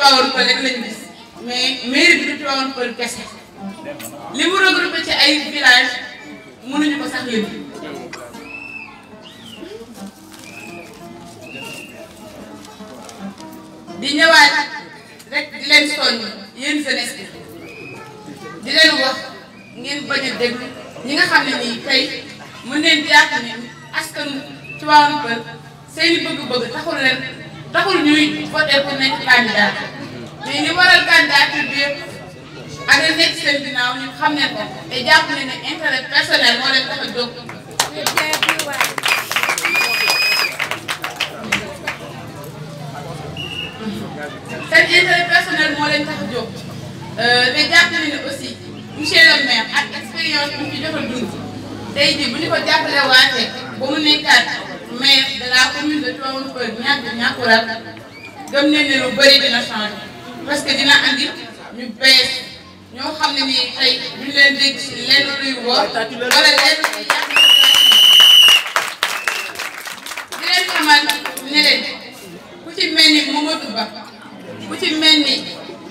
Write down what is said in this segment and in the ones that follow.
Tivaouane Peulh ci ay village mënuñu ko sax lim di ñëwaat rek di leen soññ yéen jeunesse bi di leen wax ngeen bañ a ñi nga xam ne nii tey mën leen jàpp ne askan Tivaouane Peulh seeni bëgg-bëgg taxul leen taxul ñuy voté pour nekk candidat mais li waral candidature bi yëpp ak la nekk seen ginnaaw ñun xam nañ ko te jàpp nañ ne intérêt personnel moo leen tax a jóg. seen intérêt personnel moo leen tax a jóg euh, mais jàpp nañ ne aussi monsieur mu fi jot a dund tey jii bu ñu ko jàppale waatee ba mu nekkaat maire de la commune de Tivaouane Peulh Niaga Niakoulal gëm nañ ne lu bëri dina parce que dina andi ñu bees ñoo xam ne nii tey ñu leen dégg si lenn luy wor wala di leen xamal ne ku ci mel ni Mamadou Ba ku ci mel ni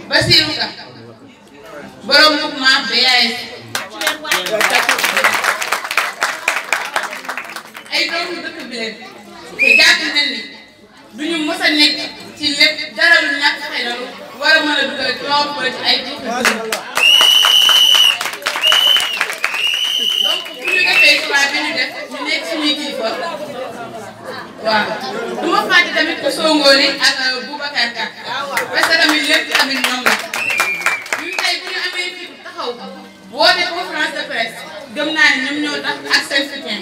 Basirou Ka borom mouvement BAS ay doomu dëkk bi leen te jàpp ni duñu mës a nekk ci lépp dara lu ñàkk war a mën a dugal trop ba ci ay jiitu. donc bu ñu defee waaw du ma fàtte tamit ko Songoli ak euh, Boubacar Ka parce que tamit lépp tamit la ñun tey bu ñu amee fi taxaw woote conférence de gëm naa ne ñoom ñoo tax ak seen soutien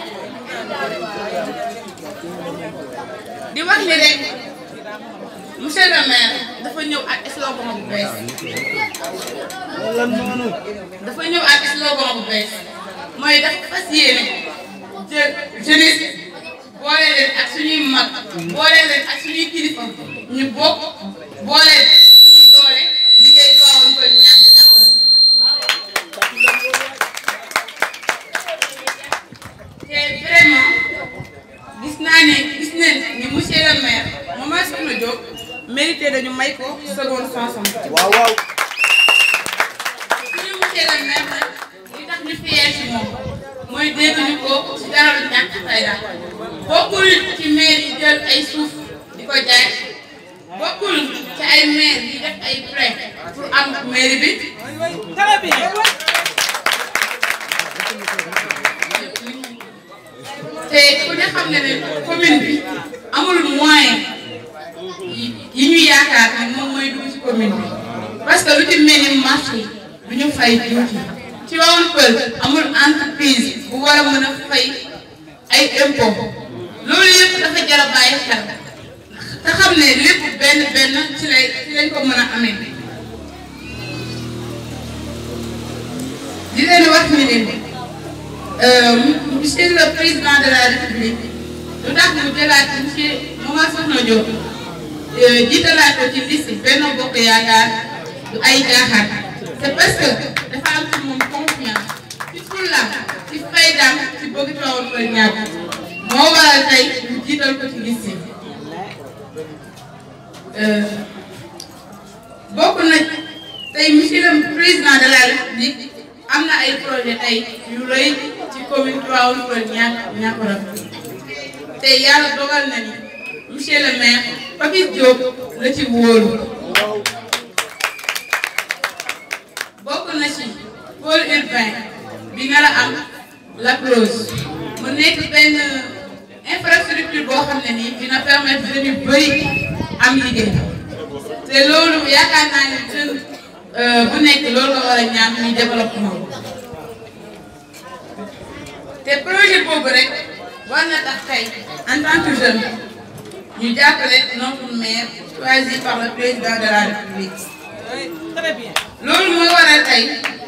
di wax ni rek. monsieur le maire dafa ñëw ak slogan bu bees. dafa ñëw ak slogan bu bees mooy dafa fas yéene jël jeunesse boole leen ak suñuy mag boole leen ak suñuy kilifa ñu bokk boole. mérité dañu may ko seconde chance am. waaw waaw. suñu monsieur le maire li tax ñu fier ci moom mooy dégguñu ko ci dara lu ñàkk fayda bokkul ci maire yi jël ay suuf di ko jaay bokkul ci ay maire yi def ay prêt pour am mairie bi. te ku ne xam ne ne commune bi. suñuy du ñu fay tuuti ci wàllu pël amul entreprise bu war a mën a fay ay impôt loolu yëpp dafa jar a xel te xam ne lépp benn benn ci lay ci lañ ko mën a amee. di leen wax ne ne euh, monsieur le président de la république lu tax mu jëlaat monsieur Momar Sokhna Diop euh, jiitalaat ko ci liste Benno Bokk Yaakaar. ay jaaxaat c'est parce que dafa am ci moom confiance ci fullaam ci faydaam ci bëgg Tivaouane Peulh ñàkk moo waral tey ñu jiital ko ci liste euh, bokk na tey monsieur le président de la république am na ay projet tey yu rëy ci commune Tivaouane Peulh ñàkk Niacoulrab tey yàlla dogal na ni monsieur le la ci wóolu fin bi nar a am Lac Rose mu nek ben infrastructure bo xamné ni dina permettre jeunes yu bëri am liggéey Té loolu yaakaar naa ne euh bu nek loolu la war a ñaan muy développement Té projet boobu rek war na tax tay en tant que jeune ñu jàppale notre maire choisi par le président de la république Très bien. loolu mooy waral tey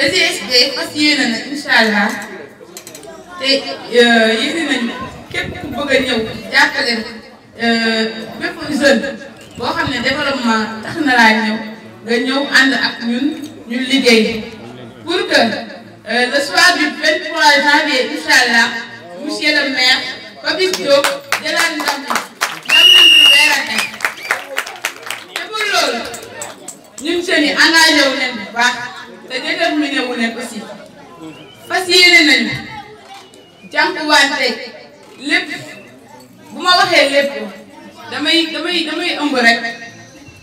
ECSD fas yéene na incha allah te yéene nañ képp bëgg a ñëw jàppale bépp jeune boo xam ne développement tax na laa ñëw nga ñëw ànd ak ñun ñu liggéey pour que le soir du 23 janvier incha allah monsieur le maire Papis Diop jëlaat ndam ndam nañ ñu weer a teg te pour loolu ñun jeunes yi engagé wu leen yéene nañu jànkuwante lépp bu ma waxee lépp damay damay damay ëmb rek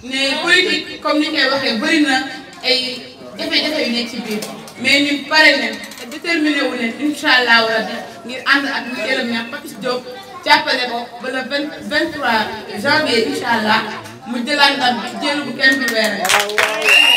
ne politique comme ni ñu waxee bëri na ay jafe-jafe yu nekk ci biir mais ñun pare nañ te déterminé wu ne incha allah rabbi ngir ànd ak monsieur le maire Papis Diop jàppale ko ba le vingt vingt trois allah mu jëlaat ndam jël bu kenn du weer